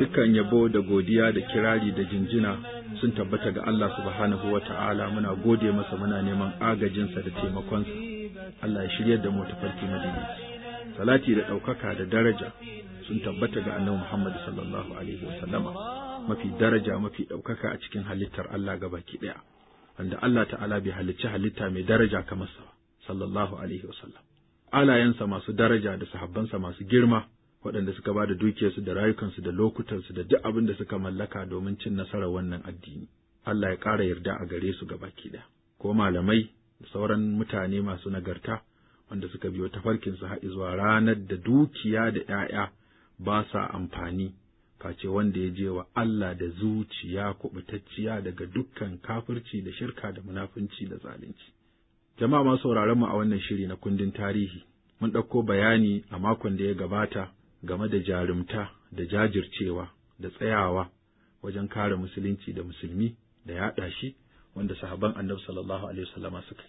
dukkan yabo da godiya da kirari da jinjina sun tabbata ga Allah subhanahu wa ta'ala muna gode masa muna neman agajinsa da taimakonsa Allah ya shirya da mu tafarki madina salati da ɗaukaka da daraja sun tabbata ga annabi Muhammad sallallahu alaihi wa sallama mafi daraja mafi ɗaukaka a cikin halittar Allah ga baki ɗaya wanda Allah ta'ala bai halicci halitta mai daraja kamar sa sallallahu alaihi wa sallam alayansa masu daraja da sahabbansa masu girma waɗanda suka ba da dukiyarsu da rayukansu da lokutansu da duk abin da suka mallaka domin cin nasarar wannan addini. Allah ya ƙara yarda a gare su baki ɗaya. Ko malamai da sauran mutane masu nagarta wanda suka biyo tafarkinsu har zuwa ranar da dukiya da ‘ya'ya ba sa amfani, face wanda ya je wa Allah da zuciya kuɓutacciya daga dukkan kafirci da shirka da munafunci da zalunci. Jama'a masu sauraron mu a wannan shiri na kundin tarihi, mun ɗauko bayani a makon da ya gabata game da jarumta da jajircewa da tsayawa wajen kare musulunci da musulmi da yaɗa shi wanda sahaban annabi sallallahu alaihi wasallama suka yi.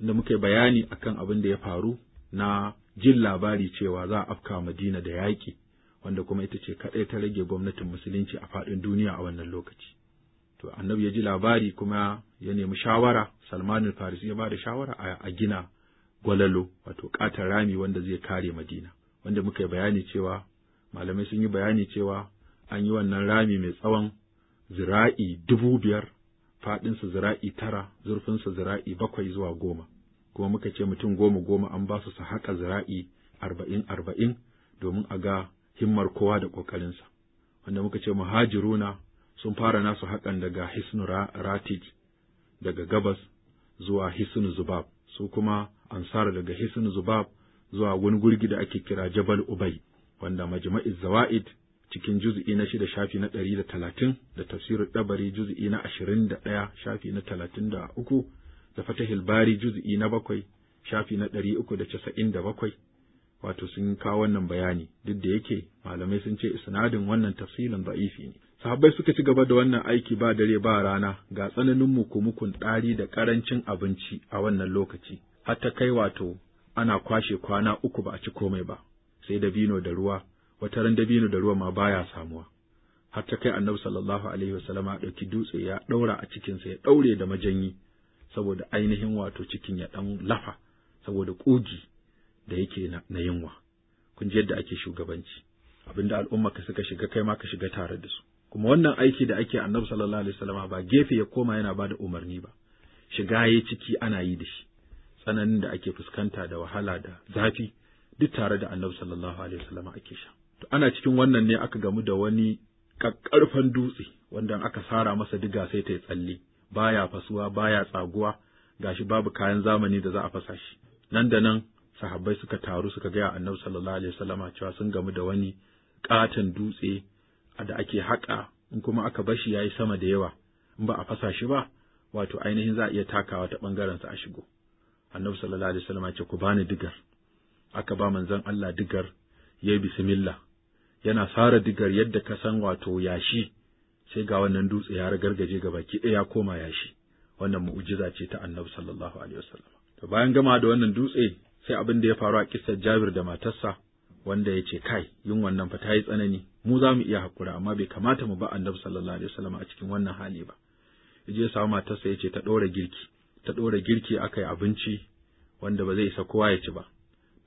Inda muka yi bayani akan abin da ya faru na jin labari cewa za a afka Madina da yaƙi wanda kuma ita ce kaɗai ta rage gwamnatin musulunci a faɗin duniya a wannan lokaci. To annabi ya ji labari kuma ya nemi shawara, Salman al-Farisi ya ba da shawara a gina gwalalo wato ƙatar rami wanda zai kare Madina. wanda muka yi bayani cewa malamai sun yi bayani cewa an yi wannan rami mai tsawon zira'i dubu biyar faɗinsa zira'i tara zurfinsa zira'i bakwai zuwa goma kuma muka ce mutum goma goma an ba su su haƙa zira'i arba'in arba'in domin a ga himmar kowa da ƙoƙarinsa wanda muka ce muhajiruna sun fara nasu haƙan daga hisnu ratij daga gabas zuwa hisnu zubab su kuma ansar daga hisnu zubab zuwa wani gurgi da ake kira Jabal Ubay wanda Majma'iz Zawa'id cikin juz'i na shida shafi na ɗari da talatin da tafsirin ɗabari juz'i na ashirin da ɗaya shafi na talatin da uku da fatahil bari juz'i na bakwai shafi na ɗari uku da casa'in da bakwai wato sun kawo wannan bayani duk da yake malamai sun ce isnadin wannan tafsilin da'ifi ne sahabbai suka ci gaba da wannan aiki ba dare ba rana ga tsananin mukun ɗari da ƙarancin abinci a wannan lokaci har ta kai wato ana kwashe kwana uku ba a ci komai ba, sai dabino da ruwa, wata ran dabino da ruwa ma baya samuwa. Har ta kai annabi sallallahu alaihi wasallama a ɗauki dutse ya ɗaura a cikinsa ya ɗaure da majanyi, saboda ainihin wato cikin ya ɗan lafa, saboda ƙugi da yake na yunwa. Kun ji yadda ake shugabanci, Abin da al'umma ka suka shiga kai ma ka shiga tare da su. Kuma wannan aiki da ake annabi sallallahu alaihi wasallama ba gefe ya koma yana bada umarni ba, shiga ya ciki ana yi da shi. tsananin da ake fuskanta da wahala da zafi duk tare da annabi sallallahu alaihi wasallam ake sha to ana cikin wannan ne aka gamu da wani kakkarfan dutse wanda aka sara masa diga sai ta yi tsalle baya fasuwa baya tsaguwa gashi babu kayan zamani da za a fasa shi nan da nan sahabbai suka taru suka gaya annabi sallallahu alaihi wasallam cewa sun gamu da wani katon dutse da ake haƙa in kuma aka bashi yayi sama da yawa in ba a fasa shi ba wato ainihin za a iya takawa ta ɓangaren sa a shigo annabi sallallahu alaihi wasallam ce ku bani digar aka ba manzon Allah digar yayi bismillah yana fara digar yadda ka san wato yashi sai ga wannan dutse ya ragargaje ga baki ɗaya ya koma yashi wannan mu'jiza ce ta annabi sallallahu alaihi wasallam to bayan gama da wannan dutse sai abin da ya faru a kissar Jabir da matarsa wanda ya ce kai yin wannan fa ta yi tsanani mu za mu iya hakura amma bai kamata mu ba annabi sallallahu alaihi wasallam a cikin wannan hali ba yaje ya samu matarsa ya ce ta ɗora girki ta ɗora girki aka yi abinci wanda ba zai isa kowa ya ci ba,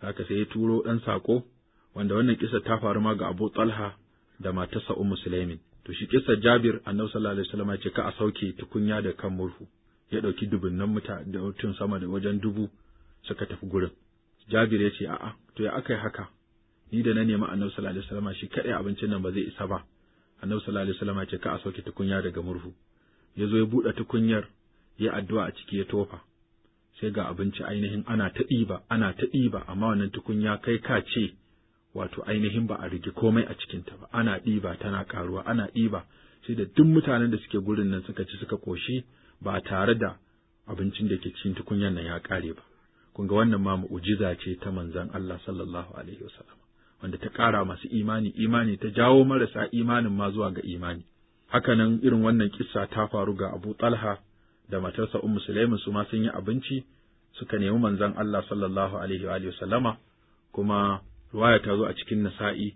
haka sai ya turo ɗan saƙo wanda wannan kisa ta faru ma ga Abu Talha da matarsa Ummu Sulaimin. To shi kisa Jabir Annabi sallallahu alaihi wasallam ya ce ka a sauke tukunya da kan murhu. Ya ɗauki dubunnan mutane da mutum sama da wajen dubu suka tafi gurin. Jabir ya ce a'a to ya aka yi haka ni da na nema Annabi sallallahu alaihi wasallam shi kaɗai abincin nan ba zai isa ba. Annabi sallallahu alaihi wasallam ya ce ka a sauke tukunya daga murhu. Ya zo ya buɗe tukunyar ya addu'a a ciki ya tofa sai ga abinci ainihin ana ta ɗiba ana ta ɗiba amma wannan tukunya kai ka ce wato ainihin ba a rige komai a cikinta ba ana ɗiba tana ƙaruwa ana ɗiba sai da duk mutanen da suke gurin nan suka ci suka ƙoshi ba tare da abincin da ke cikin tukunyan nan ya ƙare ba kun ga wannan ma mu'jiza ce ta manzon Allah sallallahu alaihi wasallam wanda ta ƙara masu imani imani ta jawo marasa imanin ma zuwa ga imani Haka nan, irin wannan kissa ta faru ga Abu Talha da matarsa Ummu Sulaimin su ma sun yi abinci suka nemi manzon Allah sallallahu alaihi wa alihi sallama kuma ruwaya ta zo a cikin Nasa'i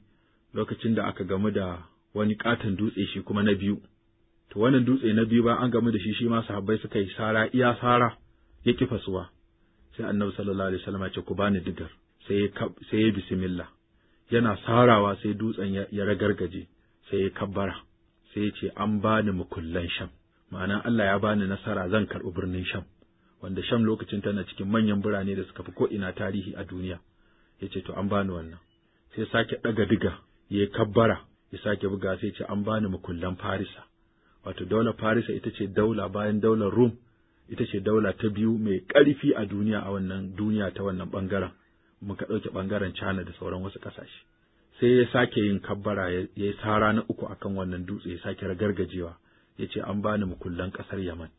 lokacin da aka gamu da wani katon dutse shi kuma na biyu to wannan dutse na biyu ba an gamu da shi shi ma sahabbai suka yi sara iya sara ya kifa suwa sai Annabi sallallahu alaihi ya ce ku bani digar sai sai ya bismillah yana sarawa sai dutsen ya ragargaje sai ya kabbara sai ya ce an bani mukullan sham ma'ana Allah ya bani nasara zan karɓi birnin Sham, wanda Sham lokacin tana cikin manyan birane da suka fi ko'ina tarihi a duniya, ya ce, To, an bani wannan, sai sake ɗaga diga, ya kabbara, ya sake buga sai ce, An bani mukullan Farisa, wato daular Farisa ita ce daula bayan daular Rum, ita ce daula ta biyu mai ƙarfi a duniya a wannan duniya ta wannan ɓangaren, muka ɗauke ɓangaren China da sauran wasu ƙasashe. Sai ya sake yin kabbara ya yi sara na uku akan wannan dutse ya sake ragargajewa. ya ce an bani mukullan ƙasar Yaman,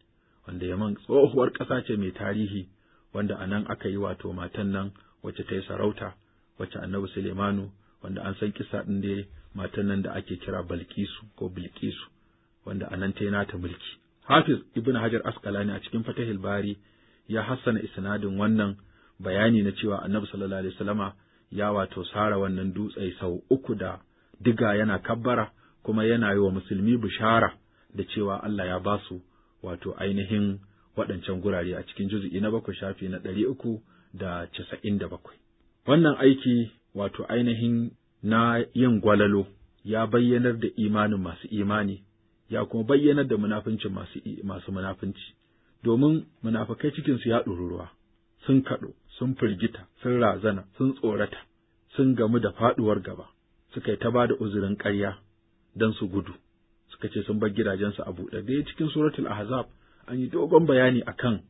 wanda Yaman tsohuwar ƙasa ce mai tarihi, wanda a nan aka yi wato matan nan wacce ta yi sarauta, wacce annabi Sulemanu, wanda an san kisa ɗin da matan nan da ake kira Balkisu ko Bilkisu, wanda a nan ta yi nata mulki. Hafiz Ibn Hajar Asqalani a cikin Fatahil Bari ya hassana isnadin wannan bayani na cewa annabi sallallahu alaihi wasallama ya wato sara wannan dutse sau uku da diga yana kabbara kuma yana yi wa musulmi bishara da cewa Allah ya ba su wato ainihin waɗancan gurare a cikin juzu'i na bakwai shafi na ɗari uku da casa'in da bakwai. Wannan aiki wato ainihin na yin gwalalo ya bayyanar da imanin masu imani, ya kuma bayyanar da munafincin masu, masu munafinci, domin munafakai cikinsu ya ɗururuwa, sun kaɗo, sun firgita, sun razana, sun tsorata, sun gamu da faɗuwar gaba, suka yi ta ba da uzurin ƙarya don su gudu. suka ce sun bar gidajensu a buɗe ya cikin suratul ahzab an yi dogon bayani akan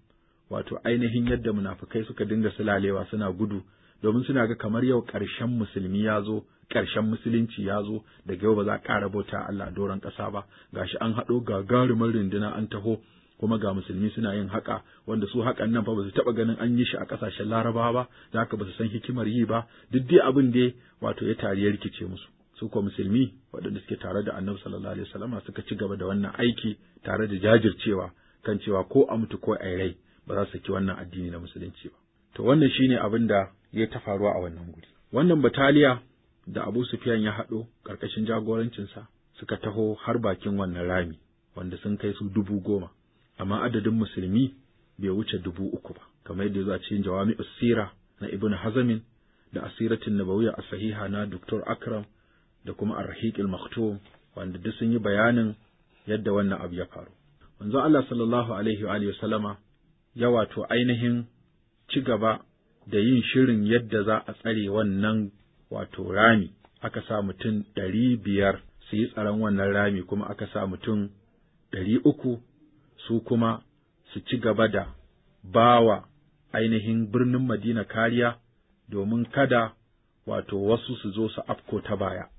wato ainihin yadda munafukai suka dinga sulalewa suna gudu domin suna ga kamar yau ƙarshen musulmi ya zo ƙarshen musulunci ya zo daga yau ba za a ƙara bauta Allah doron ƙasa ba gashi an haɗo gagarumin runduna an taho kuma ga musulmi suna yin haka wanda su hakan nan fa ba su taɓa ganin an yi shi a ƙasashen larabawa ba da haka ba su san hikimar yi ba duk dai abin da wato ya tari ya rikice musu su kuwa musulmi waɗanda suke tare da annabi sallallahu alaihi wasallam suka ci gaba da wannan aiki tare da jajircewa kan cewa ko a mutu ko a rai ba za su ki wannan addini na musulunci ba to wannan shine abin da ya ta faruwa a wannan guri wannan bataliya da Abu Sufyan ya haɗo ƙarƙashin jagorancinsa suka taho har bakin wannan rami wanda sun kai su dubu goma amma adadin musulmi bai wuce dubu uku ba kamar yadda a cikin jawami usira na Ibn Hazamin da asiratin nabawiyya a sahiha na Dr. Akram da kuma arhiqil maktum wanda duk sun yi bayanin yadda wannan abu ya faru manzo Allah sallallahu alaihi wa sallama ya wato ainihin ci gaba da yin shirin yadda za a tsare wannan wato rami aka sa mutum ɗari biyar su yi tsaron wannan rami kuma aka sa mutum ɗari uku su kuma su ci gaba da bawa ainihin birnin Madina kariya domin kada wato wasu su zo su afko ta baya.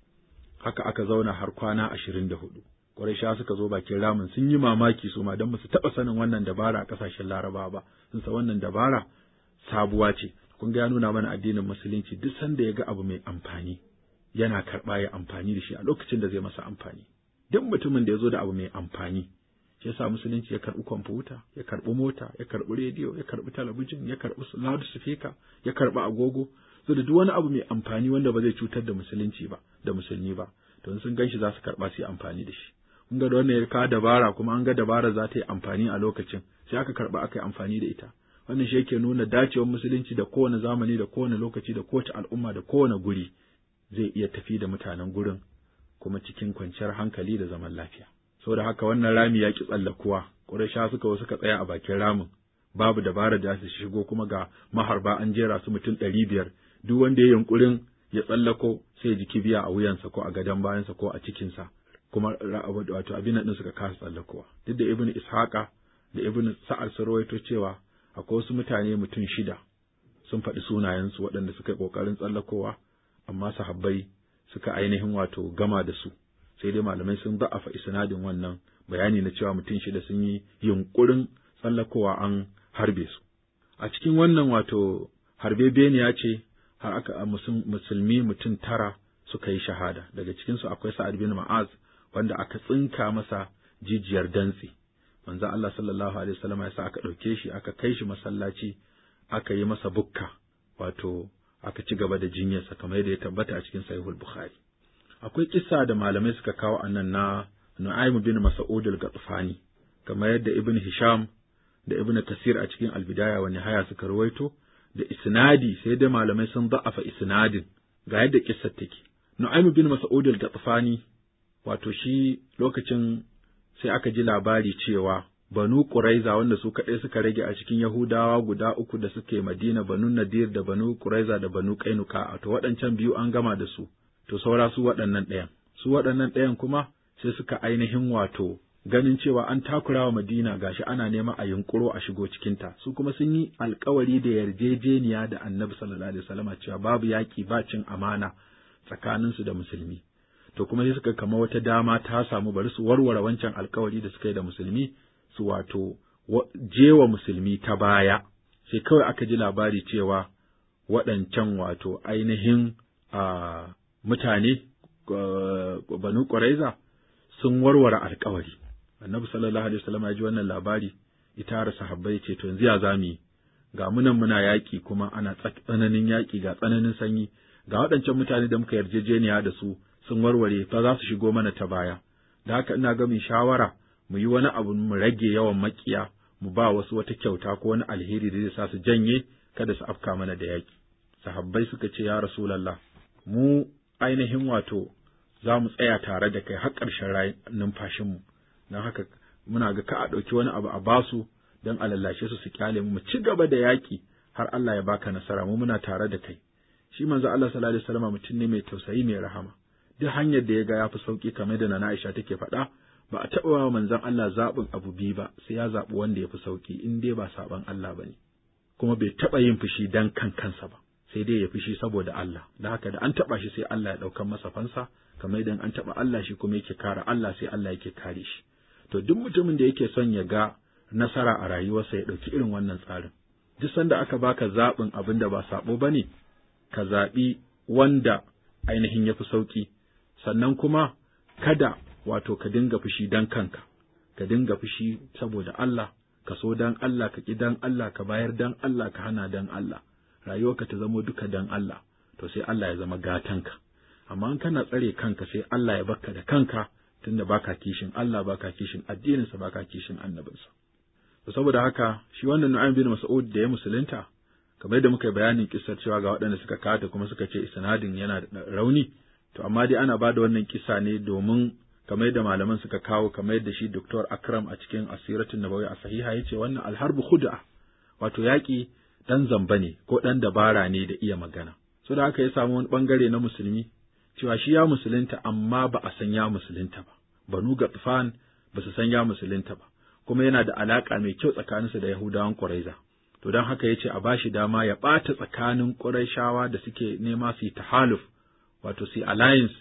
haka aka zauna har kwana ashirin da hudu. sha suka zo bakin ramin sun yi mamaki su ma don ba su taɓa sanin wannan dabara a ƙasashen Laraba ba, sun san wannan dabara sabuwa ce. Kun ga ya nuna mana addinin Musulunci duk sanda ya ga abu mai amfani yana karɓa ya amfani da shi a lokacin da zai masa amfani. Duk mutumin da ya zo da abu mai amfani shi yasa musulunci ya karɓi kwamfuta ya karɓi mota ya karɓi rediyo ya karɓi talabijin ya karɓi loudspeaker ya karɓi agogo so da duk wani abu mai amfani wanda ba zai cutar da musulunci ba da musulmi ba to sun ganshi za su karɓa su yi amfani da shi kun ga da wannan ya ka dabara kuma an ga dabara za ta yi amfani a lokacin sai aka karɓa aka yi amfani da ita wannan shi yake nuna dacewar musulunci da kowane zamani da kowane lokaci da kowace al'umma da kowane guri zai iya tafi da mutanen gurin kuma cikin kwanciyar hankali da zaman lafiya saboda haka wannan rami ya ki tsallakuwa sha suka wasu ka tsaya a bakin ramin babu dabara da su shigo kuma ga maharba an jera su mutum ɗari biyar duk wanda ya yunkurin ya tsallako sai ji kibiya a wuyansa ko a gadon bayansa ko a cikinsa kuma wato abin nan suka kasa tsallakowa duk da ibnu ishaqa da ibnu sa'ad sun rawaito cewa akwai wasu mutane mutum shida sun faɗi sunayensu waɗanda suka yi ƙoƙarin tsallakowa amma sahabbai suka ainihin wato gama da su sai dai malamai sun faɗi sinadin wannan bayani na cewa mutum shida sun yi yunkurin tsallakowa an harbe su a cikin wannan wato harbe beniya ce har musulmi mutum tara suka yi shahada daga cikinsu akwai sa'ad bin ma'az wanda aka tsinka masa jijiyar dantsi manzo Allah sallallahu alaihi wasallam ya sa aka ɗauke shi aka kai shi masallaci aka yi masa bukka wato aka ci gaba da jinyarsa kamar yadda ya tabbata a cikin sahihul bukhari akwai kissa da malamai suka kawo annan na Nu'aym bin Mas'ud al-Gatsfani kamar yadda Ibn Hisham da Ibn Kasir a cikin Al-Bidaya wa Nihaya suka ruwaito da isnadi sai dai malamai sun za'afa isnadin ga yadda kissar take Nu'aym bin Mas'ud al-Qatfani wato shi lokacin sai aka ji labari cewa Banu Quraiza wanda su kaɗai suka rage a cikin Yahudawa guda uku da suke Madina Banu Nadir da Banu Quraiza da Banu Qainuqa to waɗancan biyu an gama da su to saura su waɗannan ɗayan su waɗannan ɗayan kuma sai suka ainihin wato ganin cewa an takura wa Madina gashi ana nema a yunkuro a shigo cikinta su kuma sun yi alkawari da yarjejeniya da Annabi sallallahu alaihi wasallam cewa babu yaki ba cin amana tsakaninsu da musulmi to kuma sai suka kama wata dama ta samu bari su warware wancan alkawari da suka yi da musulmi su wato jewa musulmi ta baya sai kawai aka ji labari cewa waɗancan wato ainihin mutane banu ƙwaraiza sun warware alkawari annabi sallallahu alaihi wasallam ya ji wannan labari ita har sahabbai ce to yanzu ya zami ga munan muna yaƙi kuma ana tsananin yaƙi ga tsananin sanyi ga waɗancan mutane da muka yarjejeniya da su sun warware fa za su shigo mana ta baya da haka ina ga mu shawara mu yi wani abu mu rage yawan makiya mu ba wasu wata kyauta ko wani alheri da zai sa su janye kada su afka mana da yaƙi sahabbai suka ce ya rasulallah mu ainihin wato za mu tsaya tare da kai har ƙarshen numfashinmu don haka muna ga ka a ɗauki wani abu a basu don a lallashe su su kyale mu mu ci gaba da yaƙi har Allah ya baka nasara mu muna tare da kai shi manzo Allah sallallahu alaihi wasallam mutum ne mai tausayi mai rahama duk hanyar da ya ga yafi sauki kamar da Nana Aisha take faɗa ba a taɓa wa manzon Allah zaɓin abu biyu ba sai ya zaɓi wanda ya fi sauki in dai ba saban Allah ba ne kuma bai taɓa yin fushi dan kan kansa ba sai dai ya fushi saboda Allah da haka da an taɓa shi sai Allah ya ɗaukar masa fansa kamar idan an taɓa Allah shi kuma yake kare Allah sai Allah yake kare shi To duk mutumin da yake son ya ga nasara a rayuwarsa ya ɗauki irin wannan tsarin. Duk sanda aka baka zaɓin abin da ba saɓo ba ne, ka zaɓi wanda ainihin ya fi sauƙi, sannan kuma kada wato ka dinga fushi don kanka, ka dinga fushi saboda Allah, ka so don Allah, ka ƙi don Allah, ka bayar don Allah, ka hana don Allah, rayuwarka ta zamo duka don Allah, to sai Allah ya zama gatanka. Amma in kana tsare kanka sai Allah ya bakka da kanka tunda baka kishin Allah baka kishin addininsa baka kishin annabinsa saboda haka shi wannan Nu'aym bin Mas'ud da ya musulunta kamar da muka yi bayanin kissar cewa ga waɗanda suka kata kuma suka ce isnadin yana da rauni to amma dai ana bada wannan kisa ne domin kamar da malaman suka kawo kamar da shi Dr. Akram a cikin Asiratun Nabawi a sahiha yace wannan alharbu khud'a wato yaki dan zamba ne ko dan dabara ne da iya magana Saboda haka ya samu wani bangare na musulmi cewa shi ya musulunta amma ba a san ya musulunta ba banu gatfan ba su san ya musulunta ba kuma yana da alaka mai kyau tsakaninsa da yahudawan quraiza to don haka ya ce a bashi dama ya ɓata tsakanin quraishawa da suke nema su yi tahaluf wato su alliance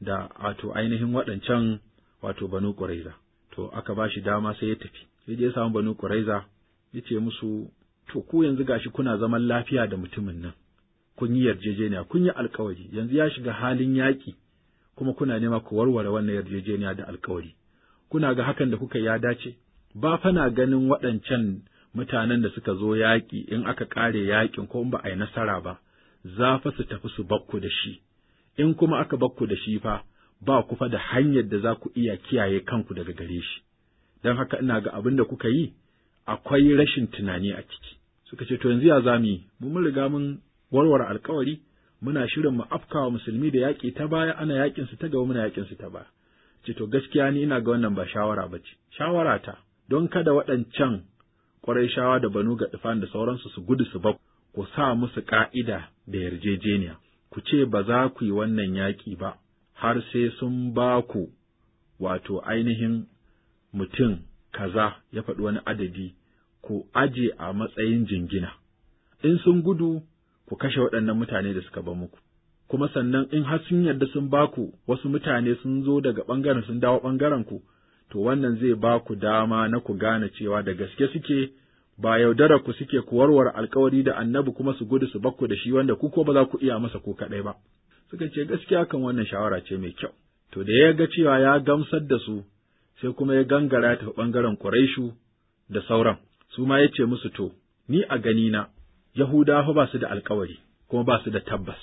da wato ainihin waɗancan wato banu quraiza to aka bashi dama sai ya tafi sai je ya samu banu quraiza yace musu to ku yanzu gashi kuna zaman lafiya da mutumin nan kun yi yarjejeniya kun yi alkawari yanzu ya shiga halin yaƙi kuma kuna nema ku warware wannan yarjejeniya da alkawari kuna ga hakan da kuka ya dace ba fana ganin waɗancan mutanen da suka zo yaƙi in aka ƙare yaƙin ko in ba a yi nasara ba za fa su tafi su bakku da shi in kuma aka bakku da shi fa ba ku fa da hanyar da za ku iya kiyaye kanku daga gare shi don haka ina ga abin da kuka yi akwai rashin tunani a ciki suka ce to yanzu ya za mu yi mun riga mun warware alkawari muna shirin mu afkawa musulmi da yaƙi ta baya ana yaƙin su ta gaba muna yaƙin su ta baya ce to gaskiya ni ina ga wannan ba shawara ba ce shawara ta don kada waɗancan ƙwarai shawa da banu ga da sauransu su gudu su ba ku sa musu ƙa'ida da yarjejeniya ku ce ba za ku yi wannan yaƙi ba har sai sun ba ku wato ainihin mutum kaza ya faɗi wani adadi ku aje a matsayin jingina in sun gudu ku kashe waɗannan mutane da suka ba muku. Kuma sannan in har sun yarda sun ba ku wasu mutane sun zo daga ɓangaren sun dawo ɓangaren ku, to wannan zai ba ku dama na ku gane cewa da gaske suke ba yaudara ku suke ku warware alkawari da annabi kuma su gudu su bakku da shi wanda ku ko ba za ku iya masa ko kaɗai ba. Suka ce gaskiya kan wannan shawara ce mai kyau. To da ya ga cewa ya gamsar da su, sai kuma ya gangara ta ɓangaren Quraishu da sauran, su ma ya ce musu to, ni a ganina, Yahudawa ba su da alkawari, kuma ba su da tabbas.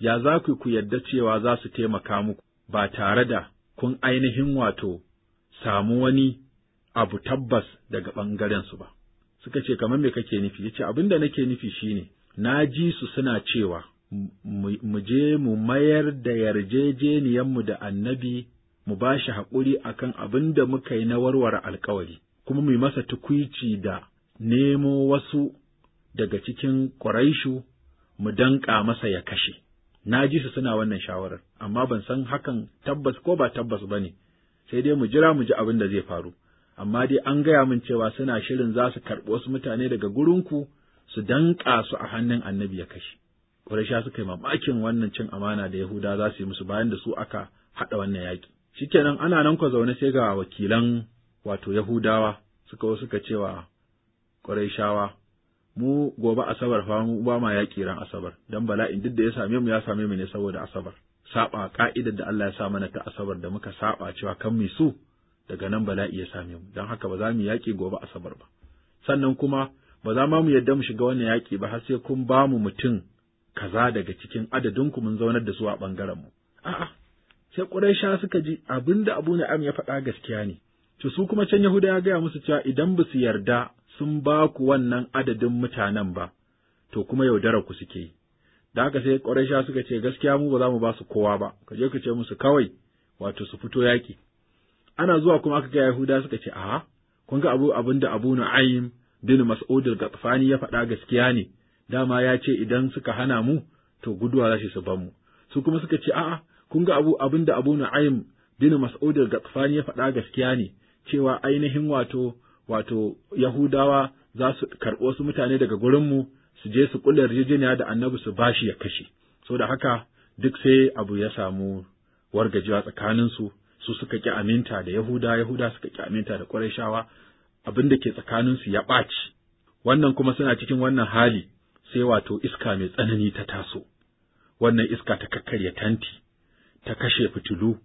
Ya za ku ku yarda cewa za su taimaka muku ba tare da kun ainihin wato samu wani abu tabbas daga ɓangarensu ba. Suka ce, kamar me kake nufi? Ya ce, abin da nake nufi shi ne. na ji su suna cewa, mu je mu mayar da yarjejeniyanmu da annabi mu ba shi haƙuri a kan abin da muka yi na warware alkawari, kuma mu yi masa tukwici da nemo wasu daga cikin Quraishu mu danƙa masa ya kashe. Na ji su suna wannan shawarar, amma ban san hakan tabbas ko ba tabbas ba ne, sai dai mu jira mu ji abin da zai faru. Amma dai an gaya min cewa suna shirin za su karɓi wasu mutane daga gurinku su danƙa su a hannun annabi ya kashe. Quraisha suka yi mamakin wannan cin amana da Yahuda za su yi musu bayan da su aka haɗa wannan yaƙi. Shikenan ana nan ku zaune sai ga wakilan wato Yahudawa suka suka cewa Qurayshawa mu gobe asabar fa mu ba ma yaƙi ran asabar dan bala'in duk da ya same mu ya same mu ne saboda asabar saba ka'idar da Allah ya sa mana ta asabar da muka saba cewa kan mu su daga nan bala'i ya same mu dan haka ba za mu yaƙi gobe asabar ba sannan kuma ba za ma mu yadda mu shiga wannan yaƙi ba har sai kun ba mu mutum kaza daga cikin adadin ku mun zaunar da su a ɓangaren mu a'a sai Quraisha suka ji abinda Abu Na'am ya faɗa gaskiya ne To su kuma can Yahuda ya gaya musu cewa idan ba su yarda sun ba ku wannan adadin mutanen ba, to kuma yaudara ku suke yi. Da haka sai ƙwarai suka ce gaskiya mu ba za mu ba su kowa ba, ka je ka ce musu kawai wato su fito yaƙi. Ana zuwa kuma aka gaya Yahuda suka ce a'a kun ga abu abin da Abu Nu'aym bin Mas'ud al ya faɗa gaskiya ne. Dama ya ce idan suka hana mu to guduwa za su ban mu. Su kuma suka ce a'a kun ga abu abin da Abu Nu'aym bin Mas'ud al ya faɗa gaskiya ne. cewa ainihin wato wato Yahudawa za su karɓo su mutane daga gurinmu su je su ƙulla yarjejeniya da annabi su bashi ya kashe. So da haka duk sai abu ya samu wargajiwa tsakaninsu su suka ƙi aminta da Yahuda, Yahuda suka ƙi aminta da Qurayshawa, abin da ke tsakaninsu ya ɓaci. Wannan kuma suna cikin wannan hali sai wato iska mai tsanani ta taso. Wannan iska ta kakkarya tanti, ta kashe fitilu,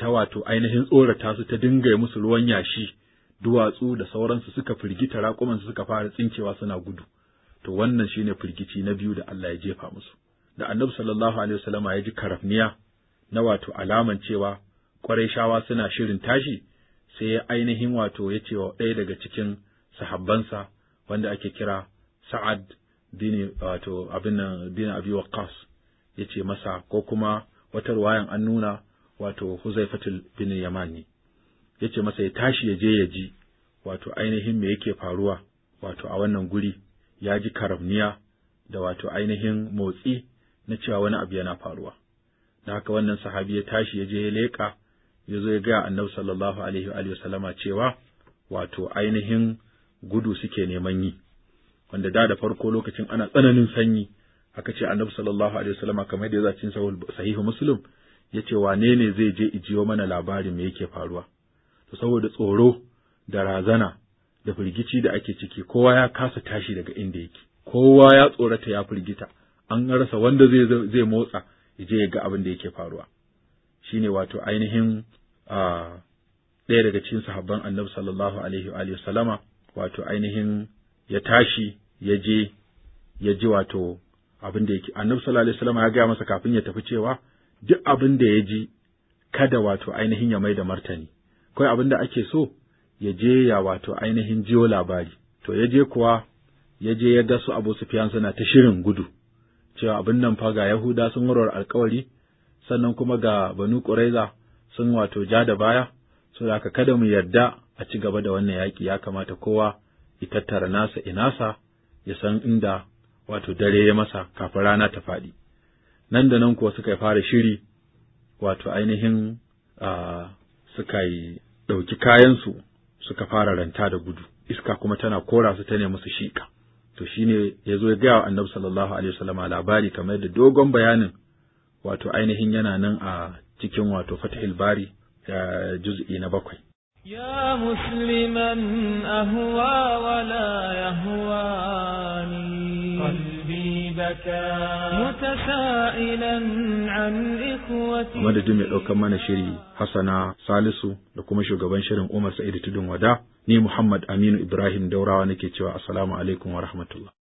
ta wato ainihin tsorata su ta dinga musu ruwan yashi duwatsu da sauransu suka firgita su suka fara tsinkewa suna gudu to wannan shine firgici na biyu da Allah ya jefa musu da annabi sallallahu alaihi wasallama ya ji karafniya na wato alaman cewa ƙwarai shawa suna shirin tashi sai ainihin wato ya ce wa ɗaya daga cikin sahabbansa wanda ake kira Sa'ad bin wato abin nan bin Abi Waqqas ya ce masa ko kuma wata ruwayan an nuna wato Huzaifatul bin Yamani yace masa ya tashi ya je ya ji wato ainihin me yake faruwa wato a wannan guri ya ji karamniya da wato ainihin motsi na cewa wani abu yana faruwa da haka wannan sahabi ya tashi ya je ya leƙa ya zo ya gaya annabi sallallahu alaihi wa sallama cewa wato ainihin gudu suke neman yi wanda da da farko lokacin ana tsananin sanyi aka ce annabi sallallahu alaihi wasallama kamar da ya zaci sahihu muslim ya ce wane ne zai je ijiyo mana labarin me yake faruwa to saboda tsoro da razana da firgici da ake ciki kowa ya kasa tashi daga inda yake kowa ya tsorata ya firgita an rasa wanda zai zai motsa je ya ga abin da yake faruwa Shi ne wato ainihin ɗaya daga cikin sahabban annabi sallallahu alaihi wa sallama wato ainihin ya tashi ya je ya ji wato abin da yake annabi sallallahu alaihi wasallam ya gaya masa kafin ya tafi cewa duk abin da ya ji kada wato ainihin ya mai da martani, kai abin da ake so ya je ya wato ainihin jiyo labari, to ya je kuwa ya je ya ga su Abu Sufyan suna ta shirin gudu, cewa abin nan fa ga Yahuda sun warwar alkawari, sannan kuma ga Banu ƙuraiza sun wato ja da baya, so da kada mu yarda a ci gaba da wannan yaƙi ya kamata kowa ya tattara nasa inasa ya san inda wato dare ya masa kafin rana ta faɗi. nan da nan kuwa suka fara shiri wato ainihin suka yi ɗauki kayansu suka fara ranta da gudu iska kuma tana kora su ta nemi su shiƙa to shi ne ya zo ya gaya wa annabi sallallahu alaihi labari kamar yadda dogon bayanin wato ainihin yana nan a cikin wato fatahil bari eh, juz'i na bakwai يا مسلما أهوى ولا يهواني بكى متسائلا عن إخوتي مدد ɗaukar mana shiri Hassana Salisu da kuma shugaban shirin Umar Sa'id Tudun Wada ni Muhammad Aminu Ibrahim Daurawa nake cewa assalamu alaikum wa rahmatullah